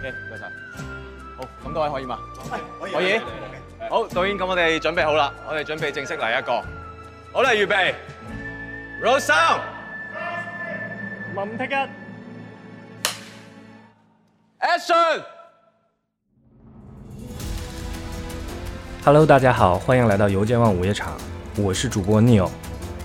Okay, 唔該晒好，各位可以嗎？可以，可以嗯、好，導演，咁、嗯、我哋準備好啦，我哋準備正式嚟一個，好啦，預備，Rose，song 林 get Action，Hello，大家好，歡迎來到油尖旺午夜場，我是主播 Neil。